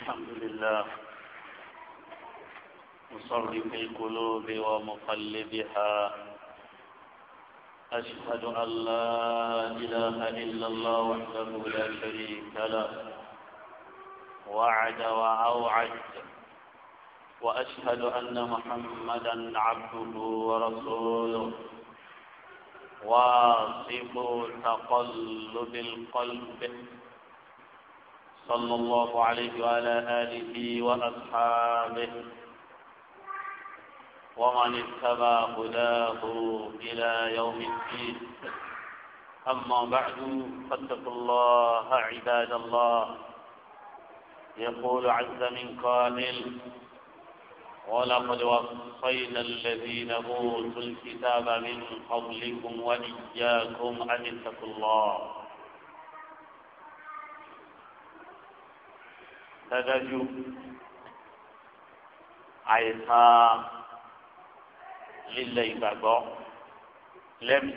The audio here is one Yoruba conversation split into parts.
الحمد لله مصرف القلوب ومقلبها أشهد أن لا إله إلا الله وحده لا شريك له وعد وأوعد وأشهد أن محمدا عبده ورسوله واصف تقلب القلب صلى الله عليه وعلى آله وأصحابه ومن اتبع هداه إلى يوم الدين أما بعد فاتقوا الله عباد الله يقول عز من قائل ولقد وصينا الذين أوتوا الكتاب من قبلكم وإياكم أن اتقوا الله dájú àìsàn lílẹ̀ ìgbàgbọ́ lẹ́mí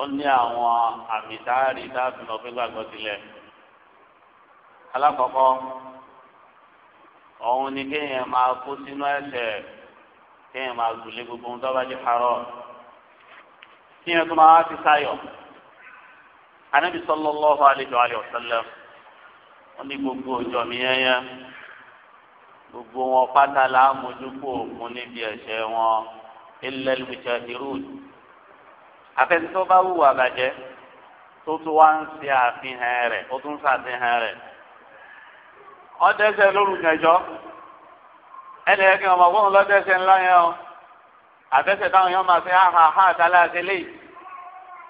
ó ní àwọn àmì táàrí táàbì lọ fún gbàgbọ́ sílẹ̀ alákọ̀ọ́kọ́ òun ni kéèyàn máa kó sínú ẹ̀ṣẹ̀ kéèyàn máa gùlé gbogbo ohun tó bá jẹ́ parọ́ kéèyàn tó máa wá sí sáyọ̀ anábì sallallahu alaihi wa sallam wọn ní gbogbo ọjọ́ mi yányá gbogbo wọn pátá la mójúkó òkun níbi ẹ̀ṣẹ̀ wọn illa al-mujahirun afẹnusọ bá wù wà bàjẹ́ tó tún wá ń ṣe àfihàn rẹ̀ ó tún ṣàfihàn rẹ̀ ọdẹsẹ lórúkẹjọ ẹnì yẹn kí wọn máa fóun lọdẹsẹ ńlá yẹn o àfẹsẹ táwọn yẹn máa fi hàhà hà tálẹ àtẹlẹ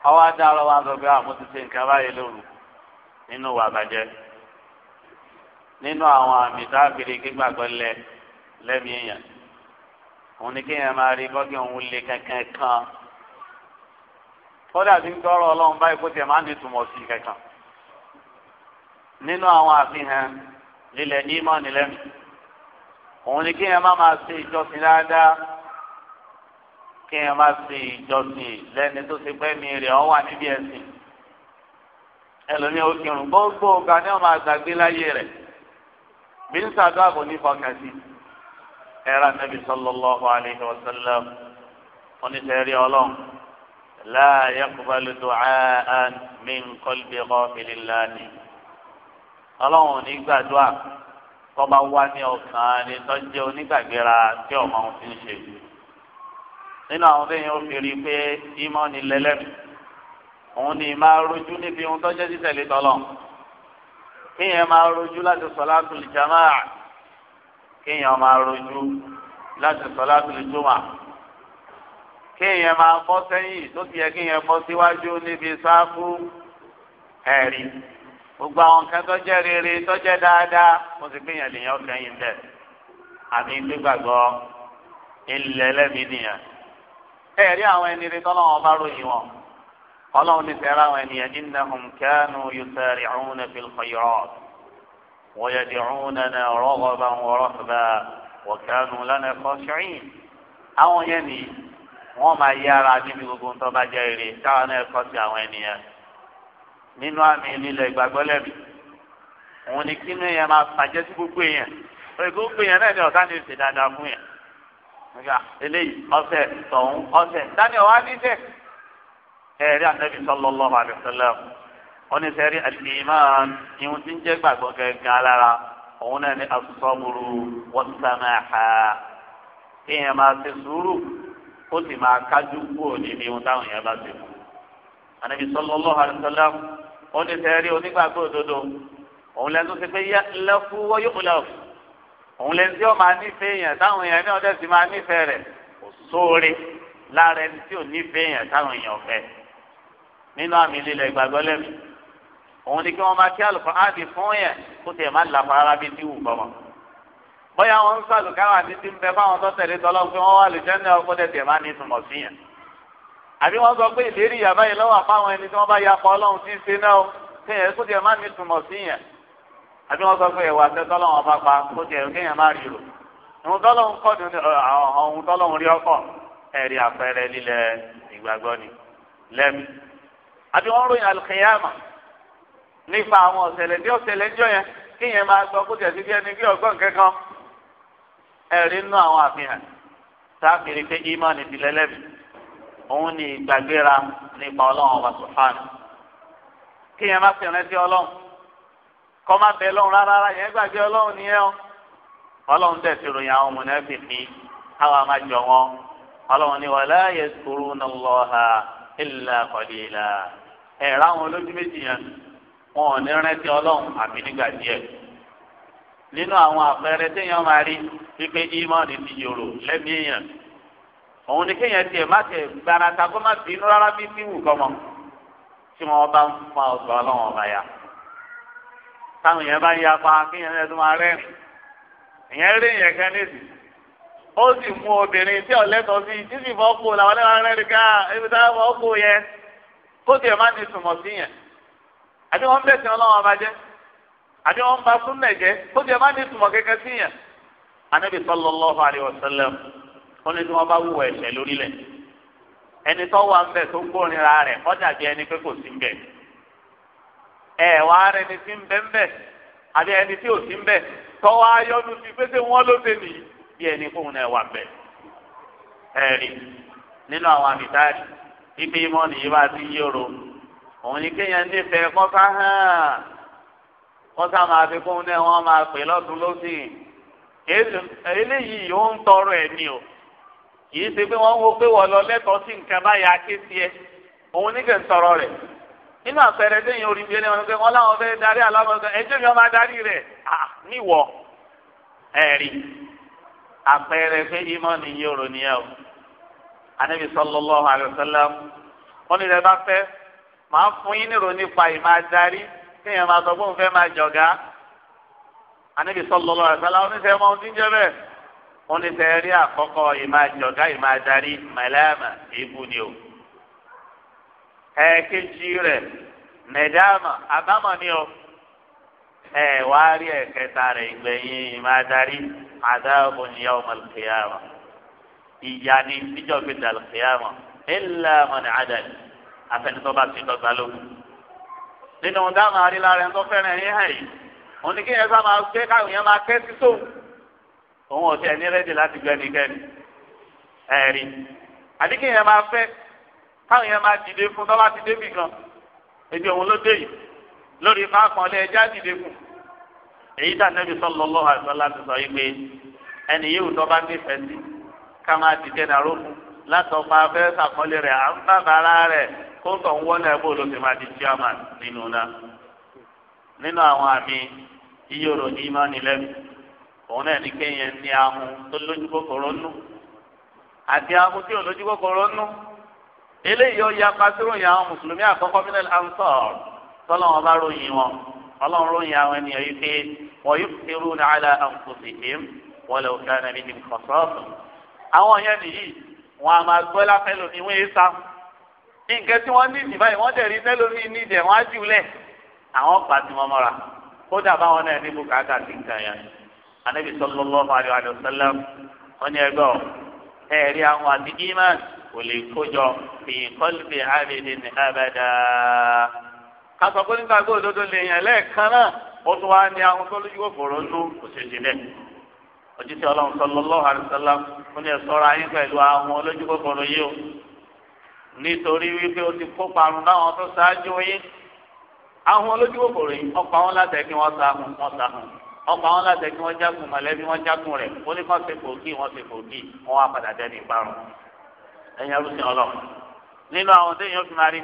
ọwọ́ adarọ wa sọ pé àwọn ti ṣe nǹkan báyìí lóru nínú wà bàjẹ́ nínú àwọn àmì táàbìrì gbígbàgbọ́ lẹ lẹ́mìí èèyàn òun ni kéèyàn máa rí bọ́gì òun lè kankan kan kódà tí ń tọrọ ọlọ́run báyìí kó tiẹ̀ máa ń nítumọ̀ sí kankan nínú àwọn àfihàn lílẹ̀ ní ìmọ̀ nílẹ̀mí òun ni kéèyàn má máa ṣe ìjọsìn dáadáa kéèyàn má ṣe ìjọsìn lẹ́ni tó ṣe pẹ́ mi rẹ̀ ọ́ wà níbi ẹ̀sìn ẹlòmíì ó kírun gbogbo ọgbà ni wọ́n máa gbàgbé láyé rẹ̀ bí ń sàdó àbò ní fọkàtì ẹ̀rọ anabi sallallahu alayhi wa sallam oníṣẹ́rí ọlọ́run la yaqbalu du'aan min qalbi ghafilin lani ọlọ́run ò ní gbàdúrà tọ́ba wá ní ọ̀sán ni tọ́jú onígbàgbéra tí ọmọ òun ti ń ṣe nínú àwọn téèyàn ó fi rí i pé ìmọ̀ ni lẹ́lẹ́mì òun ni máa rojú níbi ohun tọ́jú títẹ̀lé tọ́lọ́run. kéèyàn máa rojú láti sọlátul jamaa kéèyàn máa rojú láti sọlátul juma kéèyàn máa bọ́ sẹ́yìn tó ti yẹ kéèyàn bọ́ síwájú níbi sáfù ẹ̀rí gbogbo àwọn nǹkan tó jẹ́ rere tó jẹ́ dáadáa mo sì kéèyàn lèèyàn kẹ́yìn bẹ́ẹ̀ àmì gbígbàgbọ́ ilẹ̀ ẹlẹ́mìí nìyẹn ẹ̀rí àwọn ẹni rí tọ́lọ́wọ́n bá ròyìn wọn. ọlọ́run ní sẹ́ra àwọn ènìyàn innahum kanu yusari'una fil khayrat wa yad'unana raghaban wa rahban wa kanu lana khashi'in àwọn yẹn ni wọ́n máa yára níbi gbogbo ń tọ́ba jẹ́ ire táwọn náà kọ́ sí àwọn ènìyàn nínú àmì nílẹ̀ ìgbàgbọ́ lẹ́bi òun ni kí inú yẹn máa bàjẹ́ sí gbogbo èèyàn pẹ̀lú gbogbo èèyàn náà ni ọ̀tá ni ìṣèdáadáa fún yẹn eléyìí ọ̀sẹ̀ tọ̀hún ọ̀sẹ̀ daniel wá ní ẹ̀rí anabi sallallahu alayhi wa sallam wọ́n ní sẹ́rí al-iman ìhun tí ń jẹ́ gbàgbọ́ gẹ́gẹ́ lára òun náà ní asọ́mùrù wọ́sàmáhà kéèyàn máa ṣe sùúrù ó sì máa kájú kúrò níbi ohun táwọn èèyàn bá ṣe fún anabi sallallahu alayhi wa ní sẹ́rí onígbàgbọ́ òdodo òun lẹ́nu ṣe pé lẹ́fú wọ́yọ̀ lẹ́fú òun lẹ́nu tí ó máa nífẹ̀ẹ́ yẹn táwọn èèyàn ní ọdẹ sì máa nífẹ̀ẹ́ rẹ̀ kò sóore lára ẹni tí ò nífẹ̀ẹ́ yẹn táwọn èèyàn fẹ́ẹ́ nínú àmì lílẹ̀ ìgbàgbọ́ lẹ́nu òun ni kí wọ́n máa kí àlùfáàdì fún yẹn kó tiẹ̀ má làpá ara bíi tí wù bọ́mọ. bóyá wọn ń sàlùkáwà ní ti ń bẹ fáwọn tó tẹ̀lé tọ́lọ́ pé wọ́n wà lè jẹ́ ní ọkọ̀ tẹ̀tẹ̀ má ní ìtumọ̀ sí yẹn. àbí wọ́n sọ pé ìlérí yàrá yìí lọ́wọ́ àfáwọn ẹni tí wọ́n bá ya pa ọlọ́run tí ń ṣe náà kéèyàn kó tiẹ̀ má ní ìtumọ̀ sí yẹn. àbí wọ́n àbí wọ́n ròyìn alùkìyàmà nípa àwọn ọ̀sẹ̀lẹ̀ ní ọ̀sẹ̀lẹ̀ ńjọ yẹn kí yẹn máa gbọ́ kó tẹ̀sí bí ẹni bí ọgbọ́n kankan ẹ̀rí nínú àwọn àfihàn sáfìrí pé ìmánì ti lẹ́lẹ́bì òun ni ìgbàgbéra nípa ọlọ́run ọba sùfàánù kí yẹn má fìrìn sí ọlọ́run kọ́ má bẹ lọ́run rárá yẹn gbàgbé ọlọ́run nìyẹn o ọlọ́run tẹ̀sí ròyìn àwọn ọmọ náà fi káwa má jọ wọn ọlọ́run ni wàlá yẹ kúrú náà lọ́ha ìlà kọ̀dí ìlà ẹ̀rọ àwọn olójú méjì yẹn wọn ò ní rántí ọlọ́run àbí nígbà díẹ̀ nínú àwọn àpẹẹrẹ téèyàn máa rí wípé ìmọ̀ọ́nì ti yòrò lẹ́mí èèyàn òun ni kéèyàn tiẹ̀ má tẹ̀ gbarata kó má bínú rárá bí bíwù kọ́mọ tí wọ́n bá ń fa ọgbà ọlọ́run ọba ya táwọn yẹn bá ń yapa kéèyàn ẹ̀ tó máa rẹ́rìn ìyẹn rí yẹn kan níbi ó sì mú obìnrin tí ọ̀lẹ́tọ̀ sí títí fọ́ làwọn ẹlẹ́wọ̀n kó tiẹ̀ má ní sùnmọ̀ sí yẹn àbí wọ́n bẹ̀sẹ̀ ọlọ́run ọba jẹ́ àbí wọ́n kó tiẹ̀ ní sùnmọ̀ kẹ́kẹ́ sí yẹn anabi sallallahu alayhi wa sallam wọn ní tí wọn bá wúwo ẹni tó wà ń bẹ tó bí ẹni pé kò sí ń bẹ ẹ wà rẹ ni tí ń bẹ ń bẹ ibi ìmọ̀ nìyí bá ti yòrò òun ni kéèyàn nífẹ̀ẹ́ kọ́sá hàn kọ́sá máa fi kún náà wọ́n máa pè lọ́dún lọ́sìn eléyìí ó ń tọrọ ẹ̀mí o kì í ṣe pé wọ́n wo pé wọ́n lọ lẹ́tọ̀ọ́ sí nǹkan báyà ké sí ẹ òun ní kẹ́ ń tọrọ rẹ̀ nínú àpẹẹrẹ déyìn orí mi ẹlẹ́wọ̀n pé wọ́n láwọn fẹ́ darí alámọ̀ọ́sọ ẹjẹ́ mi ọmọ adarí rẹ̀ à níwọ̀ àpẹẹrẹ pé ìmọ̀ nìyí òrò nìyẹn o anabi sallallahu alayhi wa sallam wọn ní ìrẹ́ bá fẹ́ màá fún yín nírò nípa ìmọ̀ adarí kéèyàn máa sọ pé òun fẹ́ máa jọ̀gá anabi sallallahu alayhi wa sallam oníṣẹ́ ọmọ ọdún jẹ́ bẹ́ẹ̀ wọn ní sẹ́ rí àkọ́kọ́ ìmọ̀ jọ̀gá ìmọ̀ adarí mẹlẹ́mà èébú ni o ẹ̀ẹ́kejì rẹ̀ nẹ̀dáàmà àbámọ̀ ni o ẹ̀ rí ẹ̀kẹta rẹ̀ ìgbẹ̀yìn ìmọ̀ adarí àdáàbò ni yawmal qiyamah ìyá ni níjọ́ fi dàlù kìyàmọ̀ ilà mọ̀nì àdàlì afẹnitọ́ bá ti dọ́gba lóhùn. nínú dáhùn àríla rẹ̀ tó fẹ́ràn yín hàn yìí òun ni kí yẹn sá máa gbé káwọn yẹn máa kẹ́ sí sóhùn. òun ò tiẹ̀ ní rẹ́dì láti gbé ẹnikẹ́ni ẹ̀rí. àbí kí yẹn máa fẹ́ káwọn yẹn máa dìde fún tọ́ ti débì kan ebi òun ló dé yìí lórí fáfọ̀n lé ẹja dìde fún. èyí tà nẹ́bí sọ́lọ́lọ́ àìsàn láti sọ ká máa dìde nàró fún látọ̀pá afẹ́ sàkọ́lé rẹ̀ à ń bá bàrà rẹ̀ kó tọ̀ ń wọlé bó ló ti máa di chairman nínú náà nínú àwọn àmì yíyọrọ ní ìmánilẹ́nu òun náà ní kéèyàn ní ahun tó lójú kòkòrò nù àti ahun tí ò lójú kòkòrò nù eléyìí ó yapa síròyìn àwọn mùsùlùmí àkọ́kọ́ mílẹ̀ ansọ́ọ̀r tọ́lọ́wọ́n bá ròyìn wọn ọlọ́run ròyìn àwọn ènìyàn yìí pé wọ́n yóò fi rú ní àlà àǹkóṣe hìm wọ́n lè òkè ànàmì ní kọ̀sọ́ọ̀sì àwọn yẹn nìyí wọn a máa gbọ́ láfẹ́ lómi wọ́n yé sá nǹkan tí wọ́n ní ìdìbò yìí wọ́n dẹ̀rí iná lómi ní ìdẹ̀ wọ́n á jù lẹ̀ àwọn pa tí wọ́n mọ́ra kódà báwọn náà ní bùkátà sí nǹkan yẹn anabi sallallahu alaihi wa sallam wọ́n ní ẹgbẹ́ ọ ẹ̀rí àwọn àti iman kò lè kójọ fi qalbi abidin abada kásán kó òdodo lè yàn lẹ́ẹ̀kan náà ó tún wá ní àwọn tó lójú òfòrò ń lò kò ṣèṣe bẹ́ẹ̀ ojúṣe ọlọ́run sallallahu alaihi wasallam fún ẹ sọ́ra yín pẹ̀lú àwọn olójú kòkòrò yìí o nítorí wípé o ti kó parun láwọn tó ṣáájú yín àwọn olójú kòkòrò yìí ọ̀pọ̀ àwọn láti ẹ̀kí wọn sàhùn wọn sàhùn ọ̀pọ̀ àwọn láti ẹ̀kí wọn jágun mọ̀lẹ́bí wọn jágun rẹ̀ ó ní kàn ṣe kòkì wọn ṣe kòkì wọn wá padà dẹni ìparun ẹ̀yin arúgbìn ọlọ́run nínú àwọn téèyàn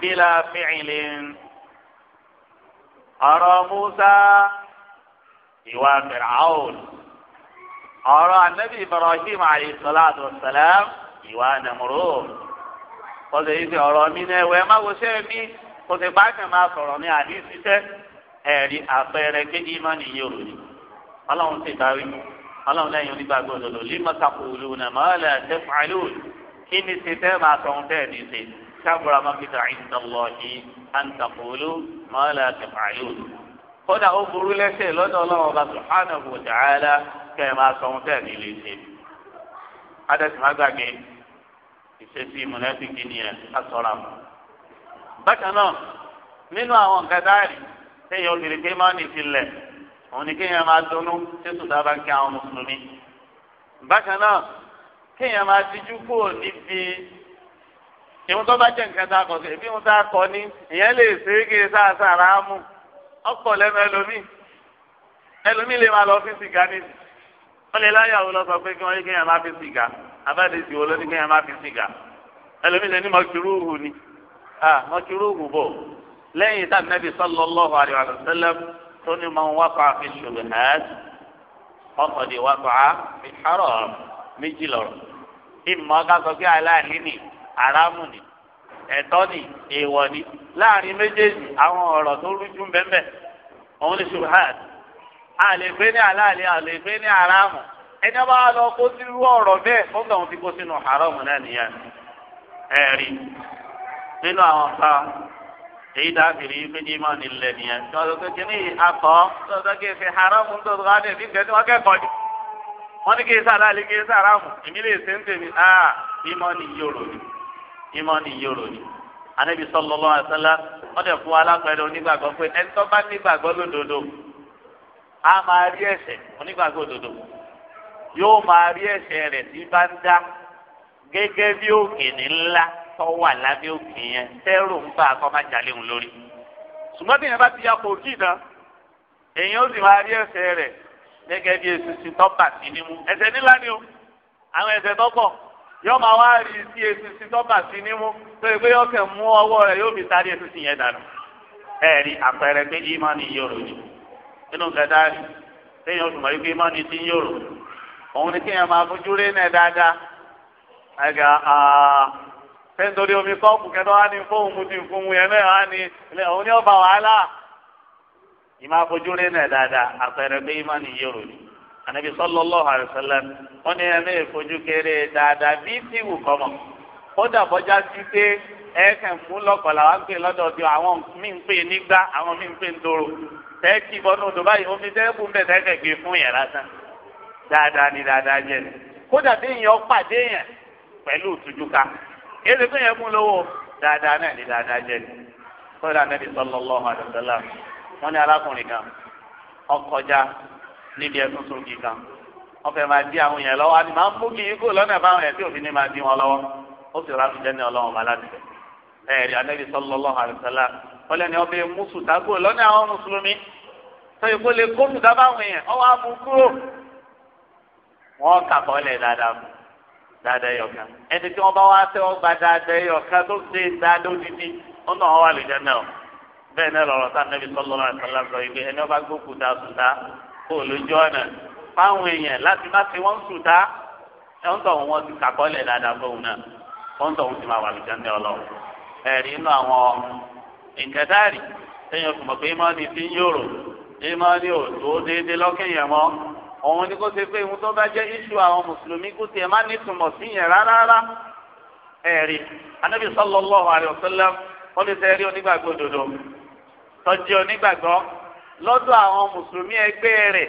fi máa rí ìwà fìràwùn ọ̀rọ̀ anabi ibrahim alayisalaatu wasalaam ìwà namuro kọ́sẹ̀ yìí fi ọ̀rọ̀ mi náà wẹ̀ má wo ṣe mí kọ́sẹ̀ bá kàn máa sọ̀rọ̀ ní àdìsíṣẹ́ ẹ̀rí àpẹẹrẹ kéde ìmánì yòrò ni ọlọ́run ti bá rí ọlọ́run lẹ́yìn onígbàgbọ́ òdodo límọ̀tàkù olùwùnà mọ́lẹ̀ tẹ́fàlù kí ni ṣe tẹ́ máa sọ ohun tẹ́ ní ṣe sábúra mọ́kítà ìdánlọ́ọ̀hìn àǹtàkù olù mọ́lẹ̀ tẹ́fàlù kódà ó burú lẹ́sẹ̀ lọ́dọ̀ ọlọ́run ọba subhanahu wa ta'ala kẹ́ ẹ máa sọ ohun tẹ̀ nílé ṣe. adẹ́sí má gbàgbé ìṣesí mùnẹ́fìkì ni ẹ̀ ká sọ̀rọ̀ àmọ́. bákan náà nínú àwọn nǹkan dáàrí téèyàn obìnrin pé máa ń ìfilẹ̀ òun ni kéèyàn máa dunnú tẹ́sù dábà ń kí àwọn mùsùlùmí. bákan náà kéèyàn máa tijú kúrò níbi ìwọ́n tó bá jẹ́ nǹkan tá a kọ ọ̀pọ̀ lẹ́nu ẹlòmíì ẹlòmíì lè máa lọ fi sìgá níbi wọ́n lè láyàwó lọ sọ pé kí wọ́n yé kéèyàn má fi sìgá abáde ìsìwò ló ní kéèyàn má fi sìgá ẹlòmíì lè ní mọ̀kìrúhù ni mọ̀kìrúhù bọ̀ lẹ́yìn tá nẹ́bí sallallahu alaihi wa sallam tó ní man waqa'a fi shubuhat faqad waqa'a fi haram méjì lọ́rọ̀ ìmọ̀ ká sọ pé aláìní ni aráàmù ni ẹ̀tọ́ ni èèwọ̀ ni láàrin méjèèjì àwọn ọ̀rọ̀ tó rújú bẹ́ẹ̀ òun ni subhan àlègbé ní aláàlẹ àlègbé ní aráàmù ẹni bá lọ kó sírú ọ̀rọ̀ bẹ́ẹ̀ ó ń dàwọn ti kó sínú haramu náà nìyẹn ẹ̀rí nínú àwọn ká èyí tá a fi rí méjì máa nílẹ̀ nìyẹn tí wọ́n sọ pé kíní akọ́ tó sọ kí èsì haramu tó sọ wá ní èdè ìgbẹ́ tí wọ́n kẹ́kọ̀ọ́ ni kí èsì aláàlẹ kí èsì aráàmù èmi lè ṣe ń tèmi ah mímọ́ ni yóò rò ní ìmọ̀ni yòrò ni anabi sallallahu alaihi wasallam ọdẹ fún alápẹrẹ onígbàgbọ́ pé ẹni tó bá nígbàgbọ́ lódodo a máa rí ẹ̀ṣẹ̀ onígbàgbọ́ òdodo yóò máa rí ẹ̀ṣẹ̀ rẹ̀ tí bá ń dá gẹ́gẹ́ bí òkè ní ńlá tó wà lábẹ́ òkè yẹn tẹrù ń bá akọ má jalè ń lórí ṣùgbọ́n bí yẹn bá ti ya kò kí ìdán èyàn ó sì máa rí ẹ̀ṣẹ̀ rẹ̀ gẹ́gẹ́ bí esusi tó bà sí nímú ẹ̀ṣẹ̀ nílá yóò máa wá rí sí esisi tọ́ka sí nímú tó yẹ pé yóò kẹ́ mú ọwọ́ rẹ̀ yóò fi sáré esisi yẹn dànù. ẹ rí àpẹẹrẹ pé ìmánì yòrò ni nínú gẹ̀dá rí téèyàn oṣù mọ̀ yìí pé ìmánì ti ń yòrò òun ni kéèyàn máa fojú rí náà dáadáa. ẹ̀gà sẹ́ńtórí omi kọ́ọ̀pù kẹ́tọ́ wá ní fóun mu ti fún un yẹn náà wá ní òun ní ọba wàhálà. ìmáa fojú rí náà dáadáa àpẹẹrẹ pé ìmánì yòrò ni ànábi sallallahu alaihi wasallam wọn ní ẹ mẹ́rin fojú kéré dáadáa bí tí wù kọ́mọ̀ kódà bọ́já sí pé ẹ kàn mú lọ́kọ̀ọ́lá wá ń pè lọ́dọ̀ bí àwọn mí ń pè nígbà àwọn mí ń pè ń dòrò tẹ́ẹ̀kì bọ́nú odò báyìí omi tẹ́ẹ̀kù ń bẹ̀ tẹ́ẹ̀kẹ̀ gbé fún yẹn lásán dáadáa ni dáadáa jẹ ni kódà bí èèyàn pàdé yẹn pẹ̀lú ìtújúká èdè tó yẹ mú lówó dáadáa náà ni dáadáa jẹ ni kódà Nabi sallallahu alaihi wasallam wọn ní arákùnrin kan ọkọjá níbi ẹtún tó kì í kan wọn fẹẹ máa di àwọn yẹn lọ́wọ́ àti máa ń mú kì í kó lọnà fáwọn yẹn tí òfin ní máa di wọn lọ́wọ́ ó sì rà fìjẹ ní Ọlọ́run bá láti bẹ ẹ rí anabi sallallahu alaihi wasallam wọn lẹni ọbẹ mùsùlùmí kó lọnà àwọn mùsùlùmí tó yẹ kó lè kó mùsùlùmí báwọn yẹn ọwọ àmú kúrò wọn kà kọ́ lẹ̀ dáadáa fún dáadáa yọ̀ọ̀kan ẹni tí wọ́n bá wá tẹ́ wọ́n dáadáa yọ̀ọ̀kan tó ṣe dáadáa odidi wọn wà lè náà bẹ́ẹ̀ náà lọ́rọ̀ kó lójú ọ̀nà fáwọn èèyàn láti má fi wọ́n sùn tá ẹ̀hún tó wọn ti kàkọ́lẹ̀ dáadáa fóun náà wọ́n tó ti máa wà ọlọ́run ẹ̀rí inú àwọn ìkẹtàrí ẹ̀yìn ìmọ̀ ni ti ń yòrò déédéé mọ́ òun ni kó ṣe pé mùsùlùmí tiẹ̀ má sí yẹn rárá ẹ̀rí anábì lọ́dọ̀ àwọn mùsùlùmí ẹgbẹ́ rẹ̀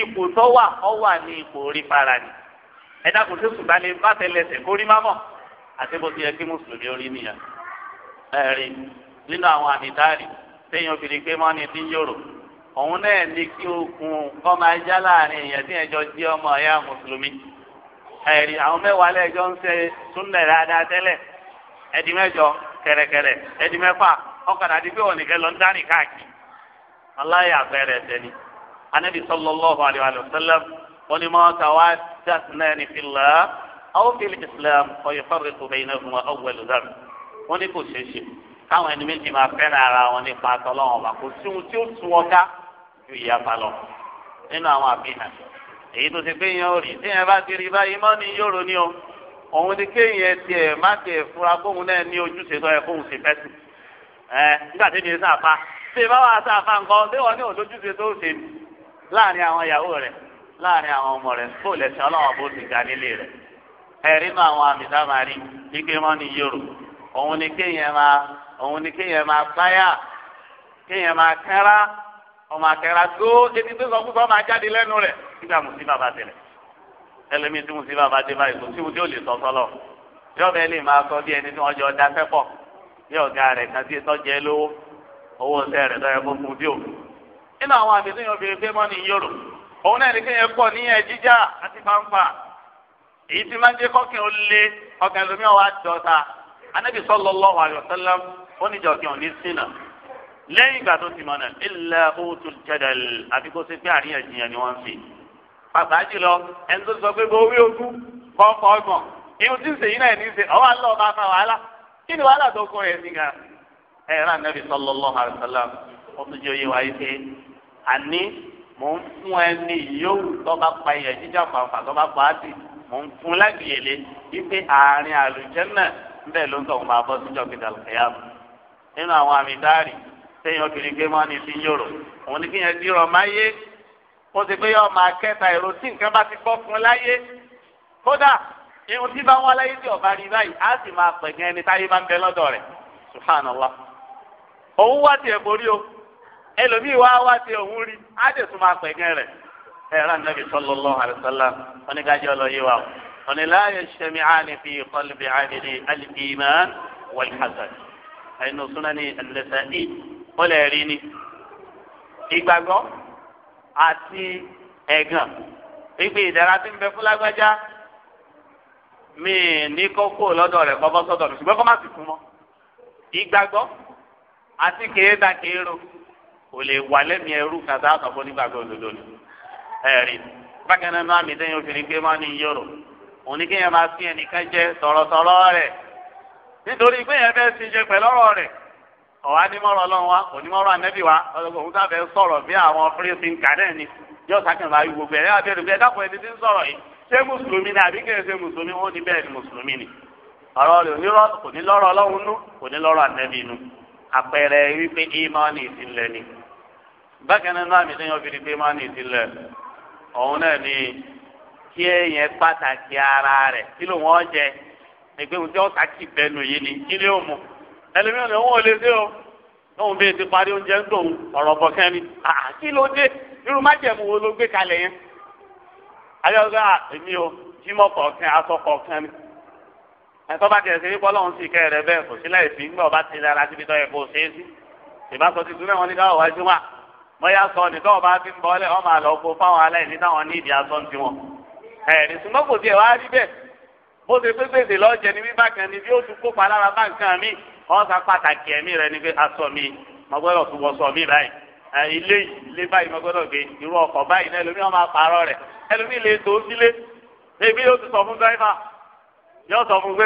ipò tó wà ọ wà ní ipò orí para ni ẹ dákun tó sùn balẹ̀ bá tẹlẹsẹ̀ kórí mámọ̀ àti bó ti yẹ kí mùsùlùmí orí nìyẹn ẹ̀rí nínú àwọn àdìdárì téèyàn obìnrin pé mọ́ni ti ń yòrò òun náà ní kí okun kọ́ máa já láàrin èèyàn tí ẹjọ́ jí ọmọ ẹ̀yà mùsùlùmí ẹ̀rí àwọn mẹ́wàá lẹ́jọ́ ń ṣe súnlẹ̀ dáadáa tẹ́lẹ̀ ẹ̀dí mẹ́jọ kẹ̀rẹ̀kẹ̀rẹ̀ ẹ̀dí mẹ́fà ọkadà àdìgbé wọn nìkẹ́ lọ ń dárìn káàkiri aláyà bẹ̀rẹ̀ tẹ̀lé anabi sallallahu alayhi wa sallam wọn ni máa ta wá dàtúnà ní filà àwọn fílì islam ọyọ fáwọn ètò bẹyìn náà fún wa ọwọ ẹlòzàm wọn ni kò ṣeé ṣe káwọn ẹni méjì máa fẹ́ràn ara wọn nípa àtọ́lọ́wọn ọba kò sí ohun tí ó tún wọn ká ju ìyapa lọ nínú àwọn àfihàn èyí tó ti pé yẹn ò rí tí bá ti rí báyìí mọ́ ni yóò ronú o òun ni kéèyàn tiẹ̀ má tiẹ̀ fura kóhun náà ní ojúṣe tó yẹ kóhun sì fẹ́ sí ẹ nígbà tí mi sáà ṣe báwa àtàfà nǹkan ṣé wọn ní òlójúṣe tó ṣe láàrin àwọn ìyàwó rẹ láàrin àwọn ọmọ rẹ kó lẹsẹ Ọlọ́run bó ti ga nílé rẹ ẹrí nù àwọn àmì dábàá rí ní yòrò òun ni kéèyàn máa òun ni kéèyàn máa báyà kéèyàn máa kẹ́ra ọmọ akẹ́ra tó ebi tó sọ fúnfọ́ máa jáde lẹ́nu rẹ nígbà mùsùlùmí bá tẹ̀lẹ̀ ẹlẹ́mìí tí mùsùlùmí bá dé báyìí kò síbi tí ó lè sọ sọ́lọ̀ yọ̀ọ́ lè máa sọ bí ẹni tí wọ́n jọ dáṣẹ́ bí ọ̀gá rẹ̀ kan sí lówó owó ṣẹ́ rẹ̀ lọ́yẹ kó fún bí òun. nínú àwọn àmì tó yàn obìnrin pé mọ́ni yòrò òun náà ní kéèyàn pọ̀ ní ẹ̀ jíjà àti fanfa èyí tí máa ń jẹ́ kọ́kẹ́ ó lé ọkàn ẹlòmíràn wá dọ́ta anábì sallallahu alaihi wasallam ó níjà ọ̀kẹ́ òní sínà lẹ́yìn ìgbà tó ti mọ̀ náà illa utul jadal àti kó ṣe pé àríyànjiyàn ni wọ́n ń fi pàtàkì jùlọ ẹni tó sọ pé gbowó ogún kọ́ ọgbọ̀n ihun tí ń ṣèyí náà ní í ṣe ọwọ́ àlọ́ ọba fa wàhálà kí ni wàhálà tó kọ́ ẹ̀ sí ẹ̀rọ anabi sallallahu alaihi wasallam ó tún jẹ́ oyè wáyé pé àní mò ń fún ẹni yóò tọ́ba pa ìyẹ̀ jíjà fàǹfà tọ́ba pa á sì mò ń fún lágbèyèlé wípé àárín àlùjẹ́nà bẹ́ẹ̀ ló ń tọ̀hún máa bọ́ síjọ́ kìdà lùkẹ́yà nínú àwọn àmì dáàrí sẹ́yìn obìnrin gbé mọ́ ní fíyòrò òun ni kíyẹn dírọ̀ máyé ó ti pé yọ máa kẹta èrò tí nǹkan bá ti bọ́ fún láyé kódà irun tí bá wọn láyé tí ọba rí báyìí á sì máa pẹ̀gàn ẹni táyé bá ń bẹ lọ́dọ̀ rẹ̀ subhanallah òun wá tiẹ̀ borí o ẹlòmíì wá wá tiẹ̀ òun rí á dẹ̀ tún máa pẹ̀ gẹ́ rẹ̀ ẹ̀rọ anabi sallallahu alaihi wasallam oníkàjẹ́ ọlọ́yẹ wa ọ̀nì láàyè sẹ́mi àlefi kọ́lùbì àbìlì alìbìmọ̀ wàlhàsàn ẹnu súnáni ẹlẹ́sàdì kọ́lẹ̀ rí ni. ìgbàgbọ́ àti ẹ̀gàn pípé ìdára tí ń bẹ fún lágbájá mi ní kókó lọ́dọ̀ rẹ̀ kọ́ bọ́ sọ́dọ̀ mi ṣùgbọ́n kọ́ má sì fún mọ́ ìgbàgbọ́ àti kéèdà kéèrò kò lè wà lẹ́mìí ẹrú kàtà àtọ̀kọ́ nígbàgbọ́ òdodo ni ẹ̀rí bákan náà máa mi dẹ́yìn obìnrin pé máa ní yòrò òun ni kéèyàn máa fi ẹnìkan jẹ sọ̀rọ̀sọ̀rọ̀ rẹ̀ nítorí pé yẹn fẹ́ẹ́ sin jẹ pẹ̀lú ọ̀rọ̀ rẹ̀ ọ̀wá nímọ̀rọ̀ ọlọ́run wa onímọ̀rọ̀ anẹ́bí wa òun sáfẹ́ sọ̀rọ̀ bí àwọn fúrẹ́sì ń kà náà ni yóò sákìrìn bá gbogbo ẹ̀rẹ́ àti ẹ̀rẹ́ ẹ̀dàpọ̀ ẹni tí ń sọ̀rọ̀ yìí ṣé mùsùlùmí ni àbí kẹ́hìn mùsùlùmí wọn ní bẹ́ẹ̀ ni mùsùlùmí ni ọ̀rọ̀ rẹ̀ kò ní lọ́rọ̀ ọlọ́run nú kò ní lọ́rọ̀ anẹ́bí nú àpẹẹrẹ wípé ìmánì ìsìnlẹ̀ ni bákan náà náà mi ní wọ́n fi di pé ìmánì ìsìnlẹ̀ òun náà ni kí èèyàn pàtàkì ara rẹ̀ kí ló wọ́n jẹ ẹgbẹ́ òun tí wọ́n kàkì bẹnu yìí ni kí ló mú ẹlẹ́mìíràn ni òun ò lè dé o lóun bíi ti parí oúnjẹ ń dòun ọ̀rọ̀ bọ̀kẹ́ ni kí ló dé irú májẹ̀mú wo ló gbé kalẹ̀ yẹn ayọ́gbà èmi o jímọ̀ kọ̀ọ̀kan aṣọ kọ̀ọ̀kan ni ẹ̀tọ́ bá tiẹ̀ ṣe wípé ọlọ́run sì kẹ́ rẹ bẹ́ẹ̀ kò sí láì fi ńgbà ọba ti dára síbi tó yẹ kó ṣe é sí ìbá sọ títún mẹ́wọ́n ní káwọ́ wájú wà mọ́yá sọ nìkan ọba fi ń bọ́lẹ̀ ọmọ àlọ́ kó fáwọn aláìní táwọn ní ìdí asọ́ ti wọn. ẹ̀rì súnmọ́ kò tiẹ̀ wá rí bẹ́ẹ̀ bó ṣe pé gbèsè lọ́jẹ̀ ní bíbá kan ni bí ó tún kópa lára bá nǹkan mi wọ́n sa pàtàkì ẹ̀mí rẹ ni pé aṣọ mi mo tún wọ sọ mi báyìí ilé yìí ilé báyìí mo yóò sọ fún pé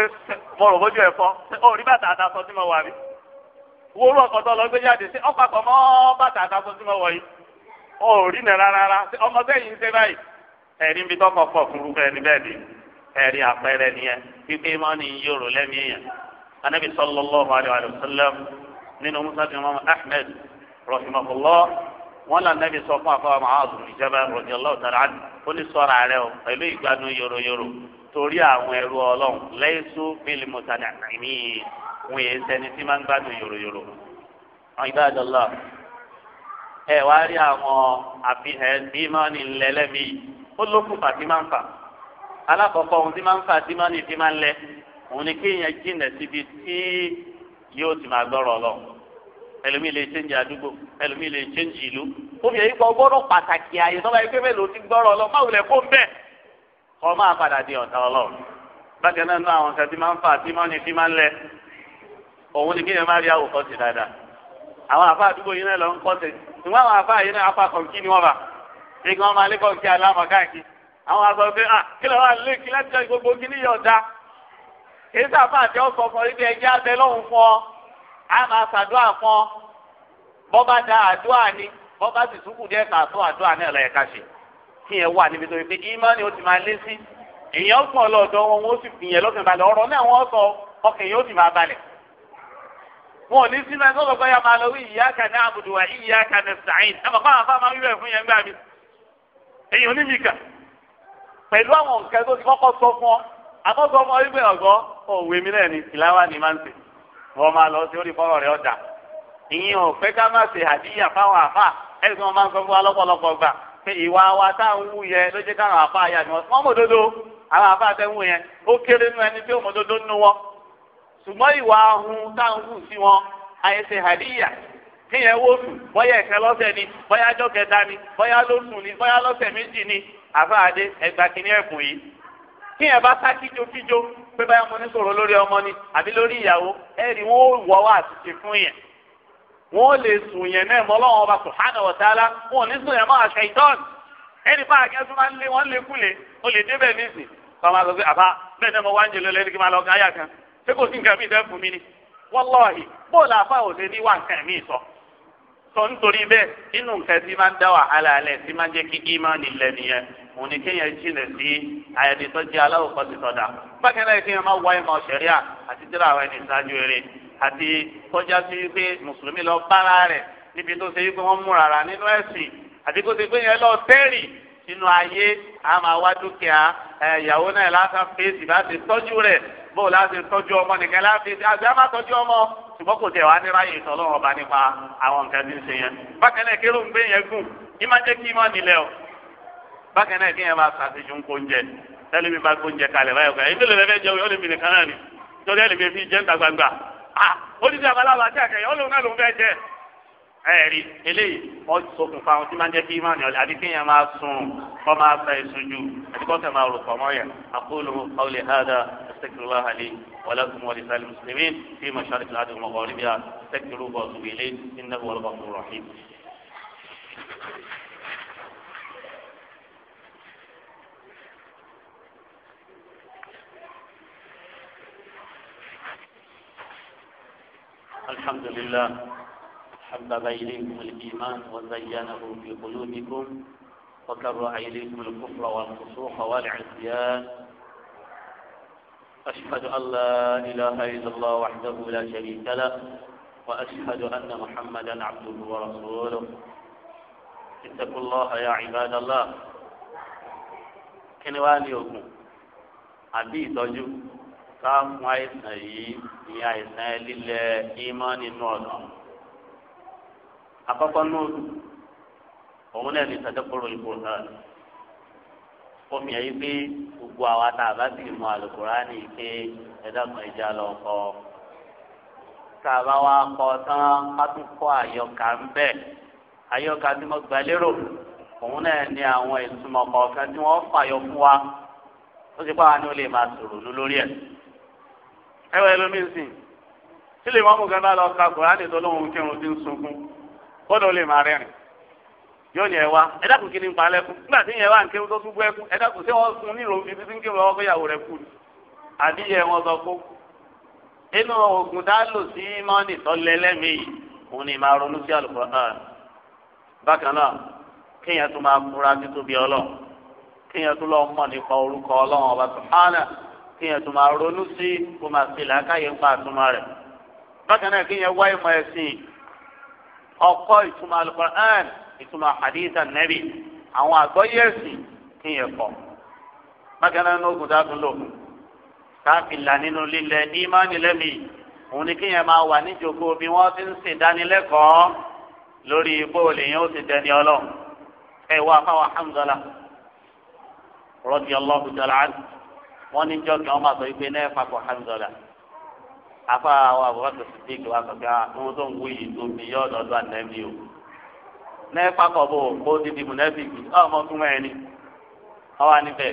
mo rò bójú ẹ fọ ọ rí bàtà àtàsọ tí mo wà rí wo olú ọkọ tó lọ gbé jáde sí ọkọ àpọ̀ mọ́ bàtà àtàsọ tí mo wọ̀ yìí rí nà rárá ọmọ ṣe báyìí bí tọkọ fún ẹni ni àpẹẹrẹ nìyẹn pípé ni yòrò èèyàn anábì nínú musa ahmed rahimahullah wọn là nẹbi sọ fún afọwọmọ àwọn ìjọba rọjò lọwọ tara àdì ó ní ṣọ́ra rẹ o pẹ̀lú ìgbanu yòròyòrò torí àwọn ẹrú Ọlọ́run lẹsùn bílí mọtàdà nàìmí wọn yẹn sẹni tí máa ń gbádùn yòròyòrò. ìbádọ́lá ẹ wá rí àwọn àfihàn bímọ́ni lẹ́lẹ́mí ó lókùn fà tí máa ń fà alákọ̀ọ́kọ́ ohun tí máa ń fà tí máa ní tí máa ń lẹ òun ni kéèyàn jìnà síbi tí yóò ẹlòmíì lè ṣéǹjì àdúgbò ẹlòmíì lè ṣéǹjì ìlú obìnrin yìí gbọ́ gbọ́dọ̀ pàtàkì ààyè tó bá yẹ pé mélòó ti gbọ́rọ̀ lọ máa wulẹ̀ fún bẹ́ẹ̀ kọ́ máa padà di ọ̀tá ọlọ́run bákan náà náà àwọn kan ti máa ń fà tí máa ń ní fi máa ń lẹ òun ni kéèyàn máa rí àwòkọ́ sí dáadáa àwọn àfa àdúgbò yìí náà lọ ń kọ́ sí ìwọ́n àwọn àfa yìí náà afa kọ̀ǹkì ni wọ́n bá ṣé máa lé kọ̀ǹkì aláàmọ̀ káàkiri àwọn àgbà pé a máa ṣàdúrà fún ọ bọ́ bá da àdúrà ni bọ́ bá sì túkù díẹ̀ kà tó àdúrà náà lọ́yẹ̀ ká ṣe kí yẹn wà níbi tó yẹ pé ìmọ̀ni ó ti máa lé sí èèyàn pọ̀ lọ́dọ̀ wọn wọ́n sì fìyẹn lọ́kàn balẹ̀ ọ̀rọ̀ náà wọ́n sọ ọkàn yóò ti máa balẹ̀ wọn ò ní sínú ẹgbẹ́ ọ̀gbọ́n ya máa lọ wí iyyaka na'budu wa iyyaka nasta'in ẹ̀ bàbá àwọn afáàmà wíwẹ̀ fún yẹn gbà mí èèyàn ní mi kà pẹ̀lú àwọn nǹkan tó ti kọ́kọ́ sọ fún ọ wọ́n máa sí orí fọ́rọ̀ ọjà ìyẹn ò fẹ́ ká má ṣe àdíyà fáwọn àfà ẹ̀rí tí wọ́n máa ń sọ fún wa lọ́pọ̀lọpọ̀ gbà pé ìwà wa tá à ń wù yẹn ló jẹ́ káwọn àfà yà ni wọ́n mọ̀ dodo àwọn àfà tẹ́ ń wù yẹn ó kéré nínú ẹni tí ó mọ̀ dodo nínú wọn ṣùgbọ́n ìwà ahun tá à ń wù sí wọn àyẹ̀ṣe àdíyà kíyẹn wó sùn bọ́yá ẹ̀kẹ́ lọ́sẹ̀ ni bọ́yá ọjọ́ kẹta ni bọ́yá lóṣù ni bọ́yá lọ́sẹ̀ méjì ni àfáàdé ẹgbàá kìíní ẹ̀kùn yìí kíyẹn bá sá kíjokíjo pé báyà mo ní sọ̀rọ̀ lórí ọmọ ni àbí lórí ìyàwó ẹ̀rí wọn ò wọ́ wá àtúnṣe fún yẹn wọn ò lè sùn yẹn náà mọ́ lọ́wọ́ ọba subhanahu wa ta'ala wọn ò ní sùn yẹn mọ́ àṣẹ ìtọ́nù ẹni fún akẹ́sùn máa ń lé wọn lékúlé ó lè débẹ̀ nísìn kọ́ sọ pé àbá bẹ́ẹ̀ náà mo wá ń jẹ lọ́lẹ́ ní kí n máa lọ káyà kan ṣé kò sí nǹkan mi ìdẹ́kùn mi ni wallahi bóòlù àfa ò lè ní wà nǹkan mi sọ tó nítorí bẹ́ẹ̀ inú nǹkan tí máa ń dá wàhálà alẹ̀ tí máa ń jẹ́ kí ìmánì lẹ̀ nìyẹn òun ni kéèyàn jìnà sí àyẹ̀dì tó jẹ́ aláwọ̀ kan ti sọ̀dà bákan náà kéèyàn máa wá ìmọ̀ ṣẹ̀ríà àti tẹ́lẹ̀ àwọn ẹni ìsáájú eré àti kọjá sí pé mùsùlùmí lọ bára rẹ̀ níbi tó ṣe wípé wọ́n mú rárá nínú ẹ̀sìn àti kó ṣe pé yẹn lọ tẹ́rì nínú ayé a máa wá dúkìá ìyàwó náà láti fèsì láti tọ́jú rẹ̀ bó láti tọ́jú ọmọ nìkan láti àti á tọ́jú ọmọ ṣùgbọ́n kò tẹ̀ wá ní ráyè ìtọ́lọ́wọ́ ọba nípa àwọn nǹkan tí ń ṣe yẹn. bákan náà kérò ń gbé yẹn gùn ní máa jẹ́ kí í mọ́ nílẹ̀ o. bákan náà kí yẹn máa ṣàṣejù ń kóúnjẹ tẹ́lẹ̀ mi bá kóúnjẹ kalẹ̀ báyọ̀ kan ìdílé rẹ̀ fẹ́ jẹun yóò lè mi náà ni torí ẹ̀ lè fi jẹ́ ń ta gbangba. Ah, ó ní ẹ̀rí eléyìí wọ́n ṣokùnfà àwọn tí máa ń jẹ́ kí imáàni ọ̀lẹ́ àti kéèyàn máa sùn kọ́ máa sa èso jù àti kọ́ sẹ̀ máa rò pọ̀ mọ́yà àkóòlù ọ̀lẹ́ hàdà ṣẹ́kìrìlá àlẹ́ wàlẹ́kùn wọlé sálẹ̀ mùsùlùmí fi mọ̀ṣáré ti maa n je ki ní mọ̀kọ́ sun ko maa fẹ́ à ṣẹ́kìrìlú bọ̀ ṣùgbẹ́lẹ́ iná wọlọ́kọ̀ fún rọ̀hìn. الحمد حبب إليكم الإيمان وزينه في قلوبكم وكره إليكم الكفر والفسوق والعصيان أشهد أن لا إله إلا الله وحده لا شريك له وأشهد أن محمدا عبده ورسوله اتقوا الله يا عباد الله كن wá أبي توجو àbí ìtọ́jú ká يا إسرائيل إيمان النور àkọ́kọ́ nóòdù òun náà ní sàdékòrò ìbò náà omi ẹ̀yí pé gbogbo àwa tá a bá sì mọ àlùkùránì pé ẹ̀dá kan ìjà lọ kọ́ tá a bá wá kọ́ tán ká tún kọ́ àyọkà ń bẹ̀ àyọkà tí mo gbà lérò òun náà ní àwọn ìtumọ̀ kọ̀ọ̀kan tí wọ́n fàyọ fún wa ó ti pàwọn ní o lè máa sọ̀rọ̀ lórí ẹ̀ ẹ̀wẹ̀ lómi sìn tí lè mọ́mú gan bá lọ ka kùránì tó lóun kírun ti ń sunkún kódà ó lè máa rẹ́rìn yóò yẹ wa ẹ dákun kí ni ń palẹ̀ kú nígbà tí yẹn wà ń kéwú tó tún bú ẹkú ẹ dákun tí wọ́n sun nílò ibi tí ń kéwú lọ́wọ́ fẹ́yàwó rẹ kú ni àbí yẹ wọn sọ kó inú oògùn tá a lò sí mọ́nì tọ́lẹ́lẹ́mìí òun ni máa ronú sí Al-Qur'an bákan náà kéèyàn tún máa múra títóbi ọlọ́run kéèyàn tún lọ́ọ́ mọ̀ nípa orúkọ ọlọ́run ọba sùhánà kéèyàn tún máa ronú sí kó máa ṣe làákàyè ń pa àtúmọ̀ rẹ̀ bákan náà kéèyàn wá ìmọ̀ ẹ̀sìn ọkọ ìtumọ̀ alukur'an ìtumọ̀ haditha nabi àwọn àgbọ́yẹ̀sì kínyẹn kọ́ mákànnà ní ogun dáàbò lò káfíńlá nínú lílẹ̀ ní ìmánilẹ́mì òun ni kínyẹn máa wà níjòkó bí wọ́n ti ń ṣèdánilẹ́kọ̀ọ́ lórí bóòlù yẹn ó ti dẹni ọlọ́run ẹ wá fáwọn hamdala rọ́dí jọlá wọn kí máa sọ ìpè náà hamdala. afa àwọn abubakar sidik wa sọ pé àwọn ah, tó ń wú yìí tó fi yọ ọdọọdọ ànẹbí o n'ẹfà kọ bò kó didi mùnẹfìkì ah, ọmọ tún mẹ́rin ọwọ níbẹ̀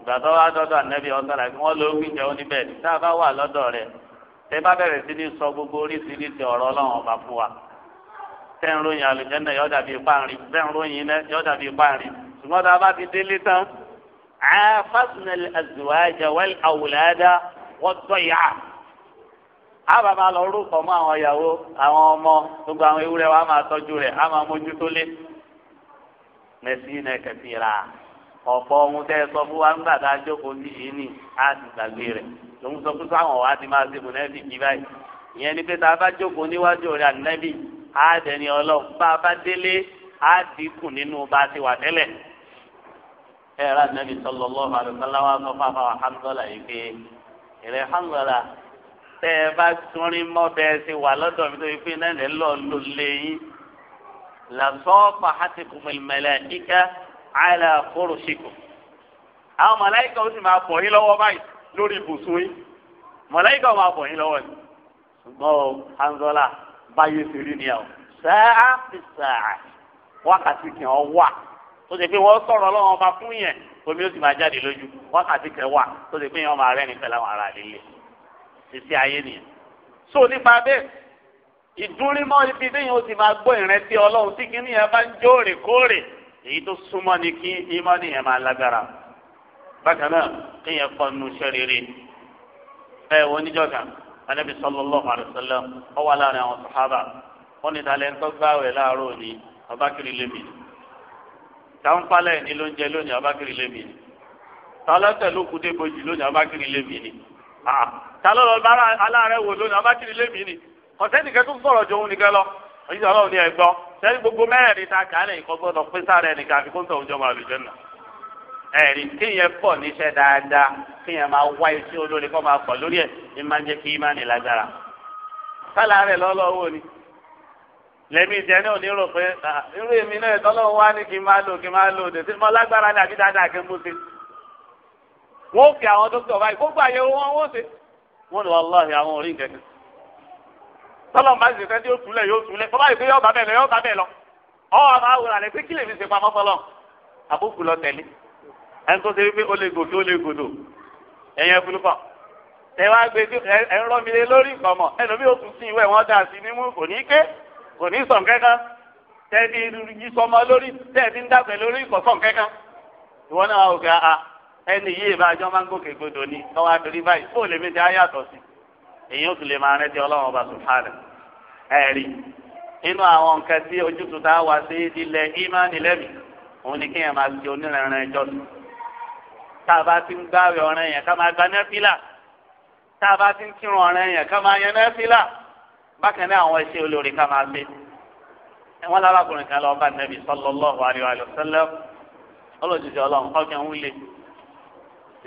ìgbà tó wá dọdọ ànẹbí ọsàlà kí wọn lóò gbìjẹ ó níbẹ̀ tá a bá wà lọ́dọ̀ rẹ̀ tẹ́ bá bẹ̀rẹ̀ sí ní sọ gbogbo oríṣiríṣi ọ̀rọ̀ Ọlọ́run ọba fún wa tẹ́ ń ròyìn àlùjẹ́nà yọ̀ọ́ dàbí páàrin tẹ́ ń ròyìn iná yọ̀ọ́ dàbí páàrin ṣùgbọ́n tá a bá ti délé tán àfàsùnẹ̀lì àzùwájà wẹ́l àwùlàdà wọ́n tọ́ yàá a bá máa lọ rúkọ mọ àwọn ìyàwó àwọn ọmọ gbogbo àwọn ewúrẹ́ wa máa tọ́jú rẹ̀ a máa mójú tó lé mẹsì náà kẹsì ra ọ̀pọ̀ ohun tẹ́ ẹ sọ fún wa nígbà tá a jókòó sí yìí ni a ti gbàgbé rẹ̀ lòun sọ fún sáwọn wa ti máa ṣe mùnẹ́bì kí báyìí ìyẹn ni pé tá a bá jókòó níwájú rẹ̀ ànẹ́bì á dẹni ọlọ́run bá a bá délé á dínkù nínú bá a ti wà tẹ́lẹ̀ ẹ̀rọ ànẹ́bì sallallahu alaihi wasallam sọ fún afáwà Hanzala yìí pé ìrẹ̀ Hanzala tẹ́ ẹ bá túnrín mọ́bẹ ṣe wà lọ́dọ̀ mi tó fi pín náà lọ́ ló léyìn làṣọ́ọ̀pá hàtìkùn mẹ̀lẹ́ ìkẹ́ àìlà kóròṣìkùn. àwọn mọ̀láyìkà ó sì máa bọ̀ yín lọ́wọ́ báyìí lórí ibùsùn yín mọ̀láyìkà ó máa bọ̀ yín lọ́wọ́ yìí. ṣùgbọ́n o hanzola báyé ti rí ni ẹ o sáà fi sáà wákàtí kìí ọ wà tó ṣe pé wọ́n sọ̀rọ̀ ọlọ́run ọba fún yẹn omi ó sì máa jáde lójú wákàtí kẹwàá tó ṣe pé yẹn ọmọ ìsí ayé nìyẹn. so nípa bẹ́ẹ̀ ìdúrímọ́ ibi déyìn ó ti máa gbọ́ ìrántí ọlọ́run tí kìíní yẹn bá ń jóòrèkóòrè èyí tó súnmọ́ ni kí ìmọ̀ nìyẹn máa lágbára. bákan náà kéèyàn kọ́ nu iṣẹ́ rere ẹ wo níjọ́ kan anabi sallallahu alayhi wa sallam ó wà láàrin àwọn sàhábà wọn ní ìdálẹ́ ńkọ́ gbáwẹ̀ láàárọ̀ òní ọbákiri lèmi táwọn pálẹ̀ ní lóúnjẹ lónìí ọbákiri lèmi tọ́lọ́tẹ̀ ló kú dé bojì lónìí ọbákiri lèmi ni ta ló lọ bá aláàárẹ̀ wò lónìí ọba kiri lémi ni kọ̀sẹ́nìkẹ́ tó sọ̀rọ̀ jòun nìkan lọ òyìnbó ọlọ́run ni ẹ gbọ́ sẹ́ni gbogbo mẹ́rẹ̀ẹ̀rin ta kàálẹ̀ ìkọ́ gbọ́dọ̀ pín sára ẹnìkan àfi kó ń tọ̀hún jọba àlùjẹ́nà ẹ̀rí kéèyàn pọ̀ níṣẹ́ dáadáa kéèyàn máa wá iṣẹ́ olórí kọ́ máa pọ̀ lórí ẹ̀ ní máa ń jẹ́ kí ìmánì lágbára sálà rẹ̀ lọ́lọ́wọ́ ni lẹ́mí ìjẹ́ náà ní rò pé ah, irú èmi náà tọ́lọ́wọ́ wá ní kí n máa lò kí n máa lò dèsí mọ́ lágbára ni àbí dáadáa kí n mú sí i wọ́n fi àwọn dókítà báyìí gbogbo àyẹ̀wò wọn wọ́n ṣe wọ́n lọ aláàfin àwọn orí nǹkan kan tọ́lọ̀ máa ṣe sẹ́ńtì yóò túlẹ̀ yóò túlẹ̀ bọ́bá pé yóò bá bẹ́ẹ̀ lọ yóò bá bẹ́ẹ̀ lọ ọ̀hún àwọn àwòrán àlẹ́ pé kí lèmi ṣe pamọ́ fọlọ́ àbúkù lọ tẹ̀lé ẹni tó ṣe wípé ó lè gòkè ó lè gòdò ẹ̀yẹ fúlùkọ̀ ẹ wá gbé ẹ ń rọmi lórí nǹkan mọ̀ ẹni yìí bá jọ máa ń gòkè gbodò ni lọ́wọ́ àdórí báyìí fóò lè méjì ayàtọ̀ sí èyí ó sì lè máa rántí ọlọ́run ọba sùhánà ẹ̀rí inú àwọn nǹkan tí ojútùú tá a wá sí ilẹ̀ ìmánì lẹ́mì òun ni kéèyàn máa ṣe onírànràn ẹjọ́ sí tá a bá ti ń gbáwé ọ̀rẹ́ yẹn ká máa gba nẹ́fílà tá a bá ti ń kírun ọ̀rẹ́ yẹn ká máa yan nẹ́fílà bákan náà àwọn iṣẹ́ olórí ká máa ṣe wọn lábàkùnrin kan lọ bá nẹ́bí sallallahu alaihi wa sallam ọlọ́jọ́jọ́ ọlọ́run kọ́kẹ́ ń wílé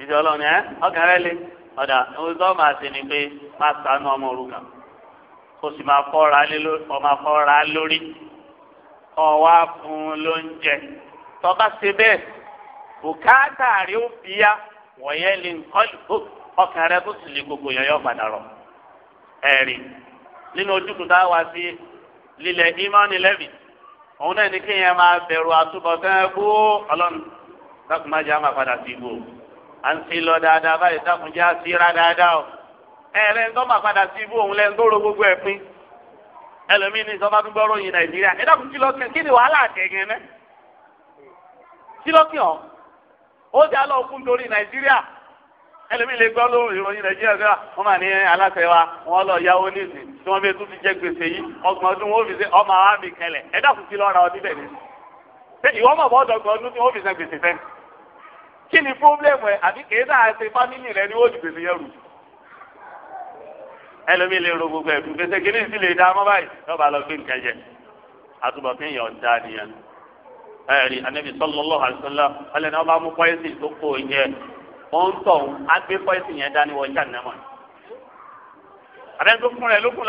ìjọ ọlọ́run ẹ ọkàn rẹ lé ọ̀dà ohun tó máa ṣe ni pé má ṣàánú ọmọ òrukàn kó sì máa fọ́ra lórí kọ́ wá fún lóúnjẹ tọ́ba ṣe bẹ́ẹ̀ bùkátà rí ó fi ya wọ̀nyẹ́ lè ń kọ́ ìbò ọkàn rẹ tó sì lè gbogbo yẹn yọ padà rọ ẹ̀rí nínú ojúkùn tá a wá sí lílẹ̀ ìmọ̀ọ́nì lẹ́bi òun náà ní kéèyàn máa bẹ̀rù àtúbọ̀tán ẹ̀kú ọlọ́run dákùnmájà máa padà sí ibò à ń ti lọ dáadáa báyìí sáfùnjẹ́ á sí ra dáadáa o ẹ̀rẹ́ ńtọ́ máa padà sí ibú òun lẹ́nu tó ro gbogbo ẹ̀ pín ẹlòmíín ní sọfá tún gbọ́rọ̀ yìn nàìjíríà ẹ dákun kí lọ́kàn kí ni wàhálà àtẹ̀gẹ̀ ẹ̀ kí lọ́kàn ọ́ ó dá lọ fún torí nàìjíríà ẹlòmíín lè gbọ́ lóhùn ìròyìn nàìjíríà gbà ah, wọ́n mà ní aláṣẹ wa wọ́n lọ yáwó níìsì tí wọ́n fi tún fi jẹ gbèsè yìí ọgbọ̀n ọdún wọn ò fi ṣe ọmọ àwọn àmì kẹlẹ̀ ẹ dákun kí lọ́ra ọdún bẹ̀ ní. ìwọ́n mọ̀ bọ́ ọdọ̀gbọ̀n ọdún tí kí ni pọ́blẹ́mù ẹ àbí kèé náà ṣe fámìlì rẹ ni wọ́n ti gbèsè yẹn rù ẹlòmíì lè ro gbogbo ẹ̀dùn gbèsè kí ni ìsì lè dá ọmọ báyìí lọ́ba lọ gbé nǹkan jẹ àtúbọ̀ fi yàn dá nìyẹn ẹ̀rí anabi sallallahu alaihi wasallam ọlẹ́ni ọba mú pọ́ẹ́sì tó kó o jẹ wọ́n ń tọ̀ á gbé pọ́ẹ́sì yẹn dání wọ́n jáde náà mọ̀ àbẹ́ tó rẹ̀ ló kún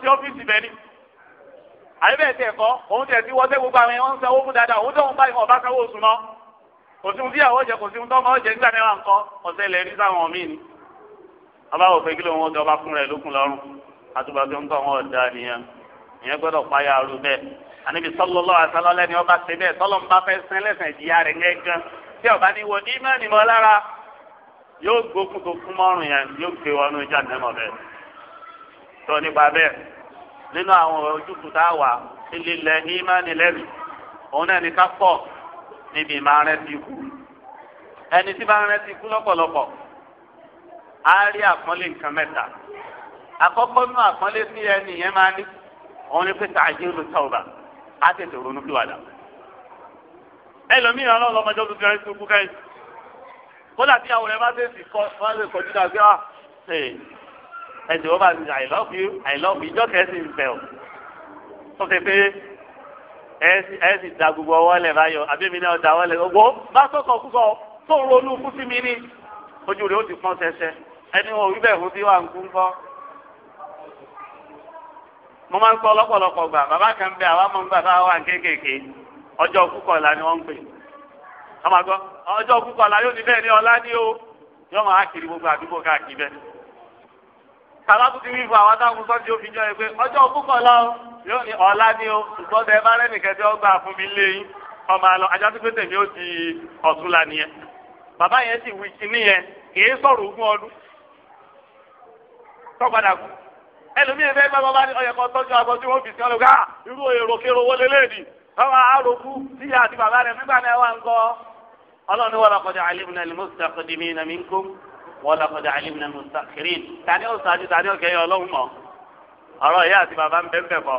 lọ́rùn àyè bẹ́ẹ̀ tẹ̀ kọ́ òun tẹ̀ sí wọ́tẹ́ gbogbo àwọn ẹ̀wọ̀n sanwó fún dáadáa òun tó ń báyìí wọn ọba sanwó oṣù mọ́ kò sí ohun tí ìyàwó jẹ kò sí ohun tó ọmọ jẹ nígbà mẹ́wàá nǹkan ọ̀sẹ̀ ilẹ̀ ní sáwọn míì ni. ọba wò pé kí lóun ọdọ ọba fún rẹ lókun lọ́rùn àtúbà tó ń tọ́ wọn ọ̀dà nìyẹn ìyẹn gbọ́dọ̀ páyà ru bẹ́ẹ̀ àníbi sọlọ́lọ́ àtàlọ́lẹ́ ni ọba ṣe bẹ́ẹ̀ sọlọ́ ń bá fẹ́ sẹ́ lẹ́sẹ̀ ìjìyà rẹ̀ yẹn gan tí ọba ní wo ní mẹ́rin mọ́ lára yóò gbókùn tó kún mọ́rùn yẹn yóò gbé wọnú ìjà nẹ́mọ̀ bẹ́ẹ̀ tó nípa bẹ́ẹ̀ nínú àwọn ojútùú tá a wà lílẹ̀ ìmánì lẹ́nu òun náà ní ká pọ̀ níbi máa rántí ikú ẹni tí máa rántí ikú lọ́pọ̀lọpọ̀ á rí àpọ́nlé nǹkan mẹ́ta àkọ́kọ́ nínú àpọ́nlé sí ẹni yẹn máa ní òun ní pé tààjì ló tà ọba á tètè ronú kí wàdà ẹlòmíràn lọ́lọ́mọdé ọdún tí wọ́n ti kú kẹ́yìn kódà tí àwọn ẹ̀ bá tẹ̀sí kọ́ wọ́n lè kọjú dàgbé wa. Ah, eh, ẹsẹ̀ wọ́n bá ti sọ I love you I love you ń bẹ̀ ọ́ tó ṣe pé ẹ sì da gbogbo ọwọ́ lẹ̀ báyọ̀ abẹ́mi náà da ọwọ́ lẹ̀ gbogbo bá sọ̀kọ̀ kúkọ̀ tó ń ronú fún sí mi ní ojú rẹ̀ ó ti pọ́n ṣẹṣẹ ẹni wọn ò rí bẹ́ẹ̀ fún sí wà ń kú ńkọ́. mo máa ń sọ lọ́pọ̀lọpọ̀ gbà bàbá kan bẹ àwa máa ń gbà bá wà kéékèèké ọjọ́ kúkọ̀ọ́lá ni wọ́n ń pè ọmọ àgọ́ ọjọ́ yóò ní bẹ́ẹ̀ ọlá ní o yọ kàlá tó ti wí fún àwọn táwọn sọ́jú òfin jọ pé ọjọ́ púpọ̀ lọ yóò ní ọ̀la ni o ṣùgbọ́n tẹ bá rẹ́nì kẹtẹ́ fún mi lé yín ọmọ àlọ́ ajá pé tèmi ó di nìyẹn bàbá yẹn sì wí kíní yẹn kì í sọ̀rọ̀ ogún ọdún tọ́gbàdà kù ẹlòmíì fẹ́ ní ọ̀yẹ̀kọ́ tọ́jú tí wọ́n fi sí ọlọ́gá irú èrò wọlé bàbá wọ́n lọ́kọ̀dá alimina musakirin tani ó sáájú tani ó kẹ́yìn ọlọ́run mọ̀ ọ̀rọ̀ ìyá àti bàbá ń bẹ́ẹ̀ bọ̀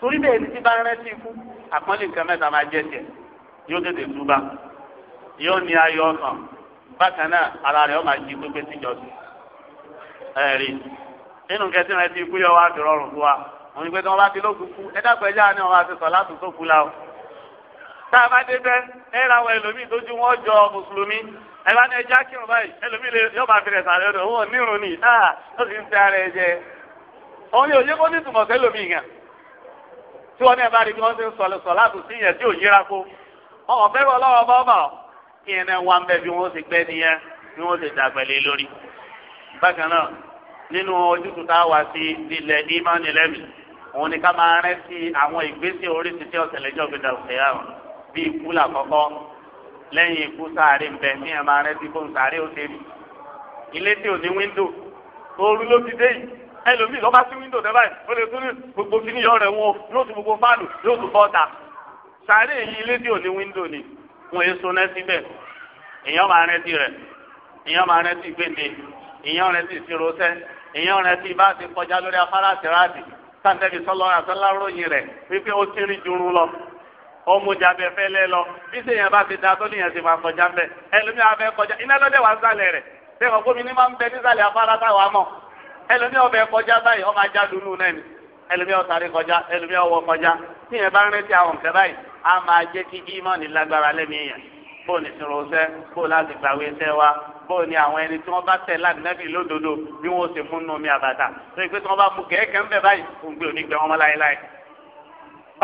torí bẹ́ẹ̀ ní ti bá rántí ikú àpọ́nlé nǹkan mẹ́ta máa jẹ́ tiẹ̀ yóò tètè túbà yóò ní ayọ̀ ọ̀sán bákan náà ara rẹ̀ ó máa jí pépé síjọ́sìn ẹ̀rí nínú kẹsí rántí ikú yọ wá fi rọrùn fún wa òun ni pé tí wọ́n bá ti lókun kú ẹ dákun ẹja ni wọ́n máa ti sọ látùn kú la tá a bá dé bẹ́ ẹ ra àwọn ẹlòmíì tó ju wọn jọ mùsùlùmí ẹ bá ní ẹja kírun báyìí ẹlòmíì lè yọ bá fẹrẹ sàrẹ ọdọ wọn nírun ni ah ó sì ń tẹ ara ẹ jẹ òun yóò yẹ kó ní ìtumọ̀ sẹ́lòmíì gan tí wọn ní ẹ bá rí bí wọn ṣe ń sọlẹ sọ láti sí yẹn tí ò yíra kó ọkọ̀ fẹ́ bọ́ lọ́wọ́ bọ́ bọ̀ kí ẹ náà wá ń bẹ bí wọ́n ṣe gbẹ́ nìyẹn bí wọ́n ṣe dàgbẹ̀lẹ̀ lórí. bákan náà nínú ojútùú tá a wá sí ilẹ̀ ìmánilẹ́mì òun ni ká máa rẹ́ sí àwọn ìgbésẹ̀ oríṣiríṣi ọ̀sẹ̀lẹ̀jọ́ gbẹdà òkè àrùn bí ikú làkọ́kọ́ lẹ́yìn ikú sáré ń bẹ ní ẹ̀ máa rẹ́ sí kó ń sáré ó ṣe rí ilé tí ò ní wíńdò ooru ló ti dé yìí ẹlòmíì lọ́ba sí wíńdò tẹ́ báyìí ó lè tún ní gbogbo kíní yọ rẹ̀ wọn yóò tún gbogbo fáànù yóò tún bọ́ta sáré yìí ilé tí ò ní wíńdò ni wọn èé so náà síbẹ̀ èèyàn máa rẹ́ sí rẹ̀ èèyàn máa rẹ́ sí gbèdé èèyàn rẹ́ sí ìṣirọ́sẹ́ èèyàn rẹ́ sí bá ti kọjá lórí afárá àtẹ̀ráàdì sáńtẹ́bí sọ́lọ́ ọmọdé abẹ́fẹ́lẹ́ lọ bí sèyàn bá fi da tó níyàn sì máa kọjá mbẹ ẹlòmí abẹ́ kọjá iná lọ́dẹ̀ wà ń sàlẹ̀ rẹ̀ bẹ́ẹ̀ kọ́ gómìnà máa ń bẹ nísàlẹ̀ afárá táwa mọ̀ ẹlòmí ọbẹ̀ kọjá báyìí ọmọ ajá dunu náà ni ẹlòmí ọ̀sàrí kọjá ẹlòmí ọwọ́ kọjá tíyẹn bá ń rántí àwọn nǹkan báyìí á máa jẹ́ kí ímọ̀ ní lágbára lẹ́mìíyàn bó ní sinrosẹ́ bó láti gbàwé sẹ́ wa bó ní àwọn ẹni tí wọ́n bá tẹ̀ láti lódodo bí wọ́n ṣe fún nù mí àbàtà tó pé tí wọ́n bá mú kẹ̀kẹ́ ń bẹ̀ báyìí òun gbé òní wọn láéláé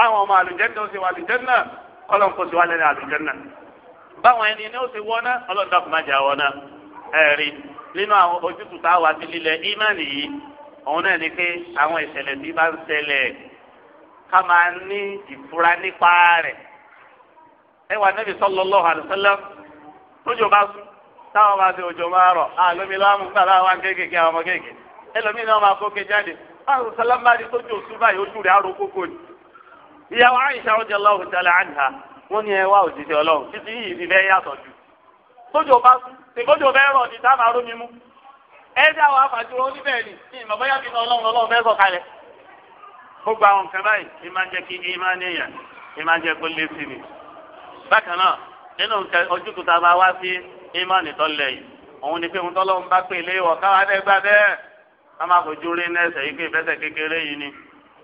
báwọn ọmọ àlùjẹ́nà ó ṣe wà àlùjẹ́nà ọlọ́run kò ṣe wà lẹ́nu àlùjẹ́nà báwọn ẹni ní ó ṣe wọ́ná ọlọ́run dàkú má jà wọ́ná ẹ̀rí nínú àwọn ojútùú tá a wà sí lílẹ̀ ímánì yìí òun náà ni pé àwọn ìṣẹ̀lẹ̀ tí bá ń ṣẹlẹ̀ ká máa ní ìfura nípa rẹ̀ ẹ wà Nábì sallallahu alaihi wasallam tójò bá sùn táwọn bá ti òjò máa rọ̀ àlómi láwọn mú ọmọ kéékèèké ìyàwó àyíṣà ọjà ọlọ́run tẹ̀lé àǹhà wọ́n ní ẹ wá òṣìṣẹ́ ọlọ́run títí yìí ti fẹ́ yàtọ̀ jù tójò bá sùn tèkójò bẹ́ẹ̀ rọ̀ ní táàmù arómi mú ẹ dá àwọn afàjúrò oníbẹ̀ ni ìmọ̀ bóyá kí ọlọ́run ọlọ́run bẹ́ẹ̀ sọ kalẹ̀. gbogbo àwọn nǹkan báyìí ìmọ̀ jẹ́ kí ìmọ̀ níyàn ìmọ̀ jẹ́ kó lé sí ni. bákan náà nínú ojú tuntun a máa wá sí ìmọ̀ nìtọ́lẹ̀ yìí òun ni pé ohun tọ́lọ́run bá pè lé wọ̀ káwá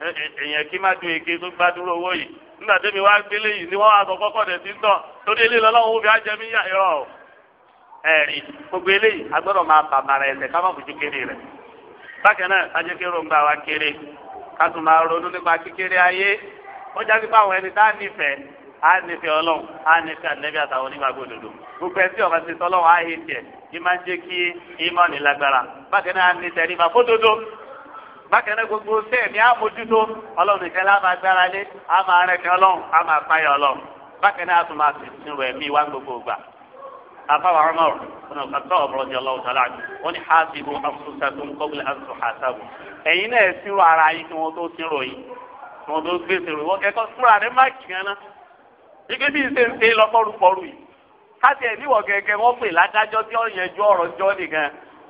èèyàn kí má ju èké tó gbá owó yìí nígbà tẹ́mi wá gbélé yìí wọ́n wá sọ kọ́kọ́ ti ń tọ̀ lórí ilé lọ́lọ́run ó fi ájẹ́ yà gbogbo eléyìí a gbọ́dọ̀ máa bàbàrà ẹ̀sẹ̀ ká má wa kéré ká tún máa ronú nípa kékeré ayé ó ẹni a nífẹ̀ẹ́ a nífẹ̀ẹ́ ọlọ́run a nífẹ̀ẹ́ ànẹ́bí àtàwọn onígbàgbọ́ gbogbo ti sọ ọlọ́run yé tiẹ̀ ń a bákan náà gbogbo sẹ́ẹ̀mí àmójútó ọlọ́run nìkan lá máa gbára lé á máa rẹ̀kẹ́ ọlọ́run á máa páyà ọlọ́run bákan náà a tún máa sì sin rẹ̀ mí wá gbogbo gbà. afáwọn ọmọ ọ̀nà kàtọ́ ọ̀bọ̀rọ̀ ni ọlọ́run tọ́lá wọn ni hasibu afúnṣàtún kọ́bílì asùn hasabu. ẹ̀yin náà sírò ara yín kí wọ́n tó sírò yín kí wọ́n tó gbèsè rò wọ́n kẹ́kọ̀ọ́ fúnra rẹ̀ má kìíyàn náà.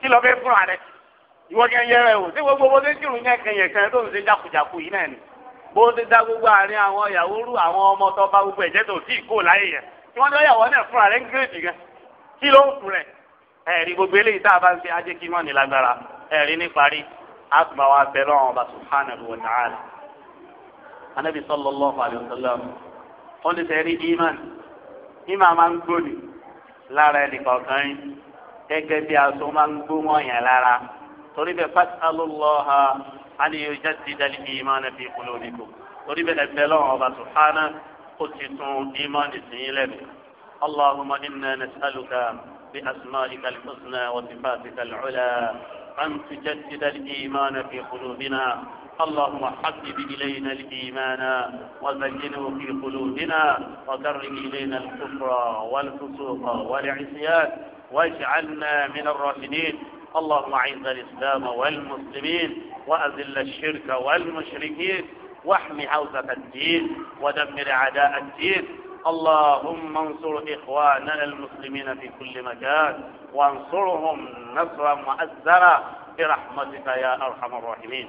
ike bí ìwọ kẹ yẹrẹ o ṣé gbogbo bó ṣe ń kírun yẹn kẹyẹ kẹyẹ tó ń ṣe jákujàku yìí náà ni bó ṣe dá gbogbo àárín àwọn ìyàwó rú àwọn ọmọ tó bá gbogbo ẹ̀jẹ̀ tó tí ì kó láyé yẹn tí wọ́n ní ọ̀yàwó náà fúnra rẹ̀ ń gírèdì gan kí ló ń fún rẹ̀ ẹ̀rí gbogbo eléyìí tá a bá ń ṣe ajé kí wọ́n ní lágbára ẹ̀rí ní parí a tún bá wa bẹ lọ́wọ́n ọba subhanahu wa ta'ala anabi sallallahu alayhi wa sallam ó ní sẹ́rí iman iman máa ń gbóni lára ẹnì kọ̀ọ̀kan yín gẹ́gẹ́ bí aṣọ máa ń gbó mọ́ yẹn lára torí فاسألوا الله أن يجدد الإيمان في قلوبكم qulubikum أن bẹ́ẹ̀ ẹgbẹ́ lọ́wọ́ ọba اللهم إنا نسألك بأسمائك الحسنى وصفاتك العلى أن تجدد الإيمان في قلوبنا اللهم حبب إلينا الإيمان وزينه في قلوبنا وكره إلينا الكفر والفسوق والعصيان واجعلنا من الراشدين اللهم أعز الإسلام والمسلمين وأذل الشرك والمشركين واحم حوزة الدين ودمر أعداء الدين اللهم انصر إخواننا المسلمين في كل مكان وانصرهم نصرا مؤزرا برحمتك يا أرحم الراحمين